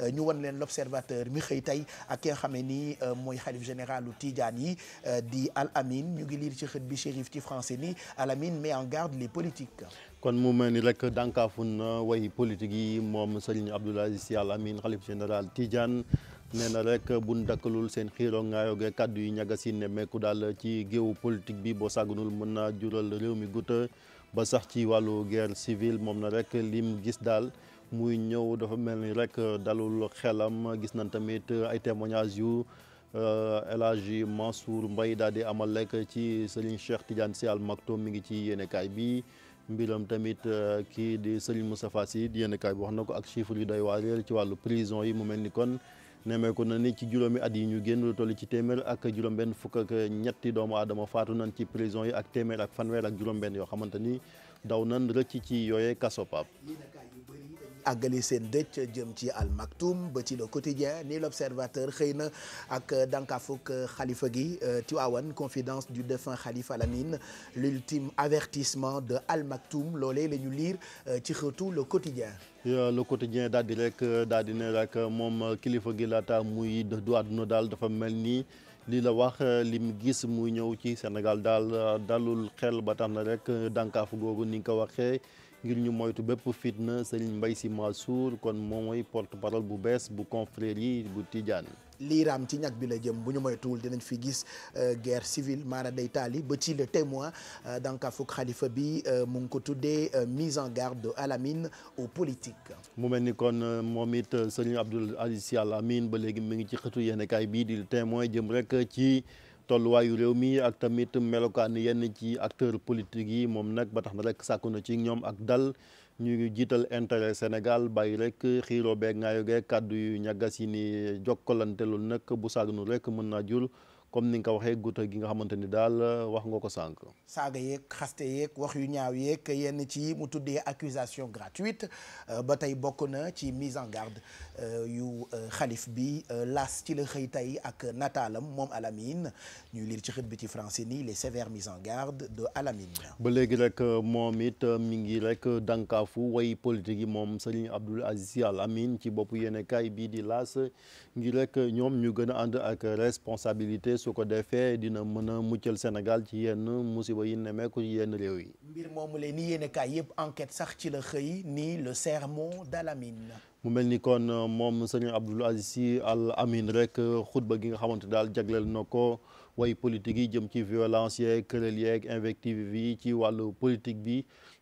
Euh, ñu won leen l'observateur mi xëy tey ak ki nga xam ne nii euh, mooy xalif généralu Tidiane yi euh, di Al Amine ñu ngi liir ci xët bi shérif ci français ni Al Amine met en garde les politiques. kon mu mel ni rek dànkaafun na way politique yi moom Serigne Abdoul Aziz Sy Al Amine xalif général Tidiane. nee na rek buñ dakkalul seen xiiroo ngaayooge kàddu yi ñaga si nemmeeku daal ci géewu politique bi boo sàggunul mën naa jural réew mi guta ba sax ci wàllu guerre civile moom na rek lim gis daal muy ñëw dafa mel ni rek euh, dalul xelam gis nañ tamit euh, ay témoignages yu euh, El Hadji Mansour mbay daal di amal lekk ci Serigne Cheikh Tidiane Sy Al Maktoum mi ngi ci yéenekaay bi mbiram tamit kii di Serigne Moustapha Sy yéenekaay bi wax na ko ak chiffres yu doy waar ci wàllu prison yi mu mel ni kon nemeeku na ni ci juróomi at yi ñu génn lu toll ci téeméer ak juróom-benn fukk ak ñetti doomu aadama faatu nañ ci prison yi ak téeméer ak fanweer ak juróom yoo xamante ni daw nan rëcc ci yooyee kaso Pape àggali seen dëcc jëm ci Al Maktoum ba ci le quotidien ni l'observateur xëy na ak dankafuk xalifa gi euh, Tiwaawan confidence du défunt Khalifa Lamine l'ultime avertissement de Al Maktoum loolee la liir euh, ci xëtu le quotidien le quotidien daal di rek daal di ne moom kilifa gi laata muy du àdduna daal dafa mel nii lii la wax li mu gis muy ñëw ci Sénégal daal dalul xel ba tax na rek dànkaafu googu ni nga ko waxee ngir ñu moytu bépp fitna Serigne Mbaye Sy Mansour kon moom mooy porte parole bu bees bu confrérie bu Tidiane. liiraam ci ñag bi la jëm bu ñu moytuwul dinañ fi gis euh, guerre civile maara day taali ba ci le témoin euh, dankafuk xalifa bi euh, mu ngi ko tuddee mise en garde de Alamine aux politiques. mu mel ni kon moom it Serigne Abdoul Aziz Sy ba léegi mi ngi ci xëtu yéenekaay bii di témoin jëm rek ci. tolluwaayu réew mi ak tamit melokaan yenn ci acteurs politiques yi moom nag ba tax na rekk sàkku na ci ñoom ak dal ñu jiital intérêt Sénégal bàyyi rek xiiro beeg ngaayo geeg kàddu yu ñàggas yi ni jokkalante loolu nag bu saagnu rekk mën naa jur comme ni nga ko waxee guta gi nga xamante ni daal euh, wax nga ko sànq. saaga yeeg xaste yeeg wax yu ñaaw yeeg yenn ci mu tuddee accusation gratuite euh, ba tey bokk na ci mise en garde euh, yu xalif bi las ci la xëy tey ak nataalam moom Alamine ñuy lire ci xët bi ci français nii les sévères mises en garde de Alamine. ba léegi rek moom it mu ngi rek dànkaafu way politique yi moom Serigne Abdoul Aziz Al Amine ci boppu yeneen kaay bii di las ngir rek ñoom ñu gën a ànd ak responsabilité. su ko defee dina mën a muccal Sénégal ci yenn musiba yi nemeeku yenn réew yi. mbir moomu leen ni yéen yëpp enquête sax ci la xëy ni le sermon d'Al-Amine. mu mel ni kon moom sëriñ Abdoul Aziz Al Amine rek xutba gi nga xamante daal jagleel na ko. way politique yi jëm ci violence yeeg këral yeeg invective yi ci wàllu politique bi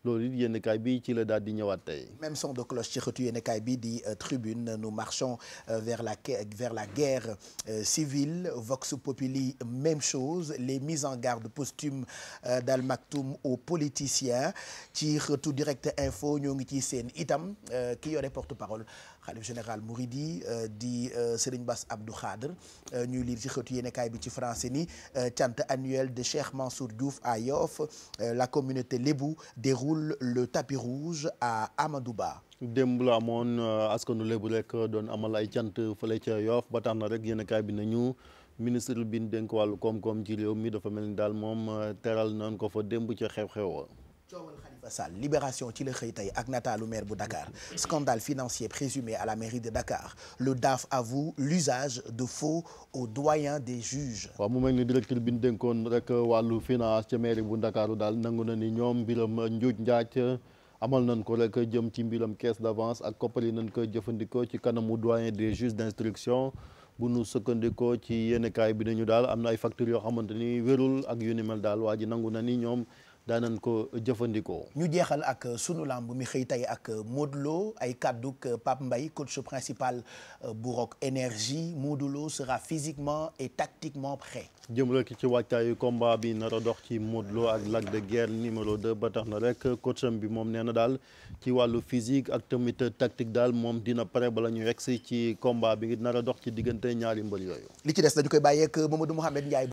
loolu it yéen kaay bi ci la daal di ñëwaat tey. même son de cloche ci xëtu yéen kaay bi di euh, tribune nous marchons euh, vers la vers la guerre euh, civile Vox Populi même chose les mises en garde posthumes d'Al Maktoum aux politiciens ci xëtu direct info ñoo ngi ci seen itam ki yore porte parole. xalif général Mouridi euh, di euh, Serigne Bass Abdou Khadr euh, ñuy liir ci xëtu yéenekaay bi ci français ni cant annuel de Cheikh Mansour Diouf à Yoff la communauté lébou déroule le tapis rouge à Amadouba démb la amoon askanu lébu rek doon amal ay cant fële ca Yoff ba tax na rek yéenekaay bi nañu ministre bi ñu dénk wàllu koom-koom ci réew mi dafa mel ni daal moom teral nañ ko fa démb ca xew-xew Khalifa Sall libération ci la xëy tey ak nataalu maire bu Dakar scandale financier présumé à la mairie de Dakar le DAF avoue l'usage de faux au doyen des juges. waaw mu mel ni directeur bi ñu dénkoon rek finance ca mairie bu Dakar daal nangu na ni ñoom mbiram njuuj njaaj amal nañ ko rek jëm ci mbiram caisse d'avance ak koppali nañ ko jëfandikoo ci kanamu doyen des juges d'instruction. bu nu sëkkandikoo ci yenn kaay bi nañu daal am na ay factures yu ni daanañ ko jëfandikoo. ñu jeexal ak sunu lamb mi xëy tey ak Modou Lo ay kàdduk mbay Mbaye coach principal euh, bu Rock Énergie Modou Lo sera physiquement et tactiquement prêt. jëm rek ci wàccaayu combat bi nar a dox ci Modou Lo ak Lac de Guiers numéro 2 ba tax na rek coacham bi moom nee na daal ci wàllu physique ak tamit tactique daal moom dina pare bala ñu yegsi ci combat bi nar a dox ci diggante ñaari mbër yooyu. li ci des dañu koy bàyyeeg Mamadou Mouhamed Ndiaye.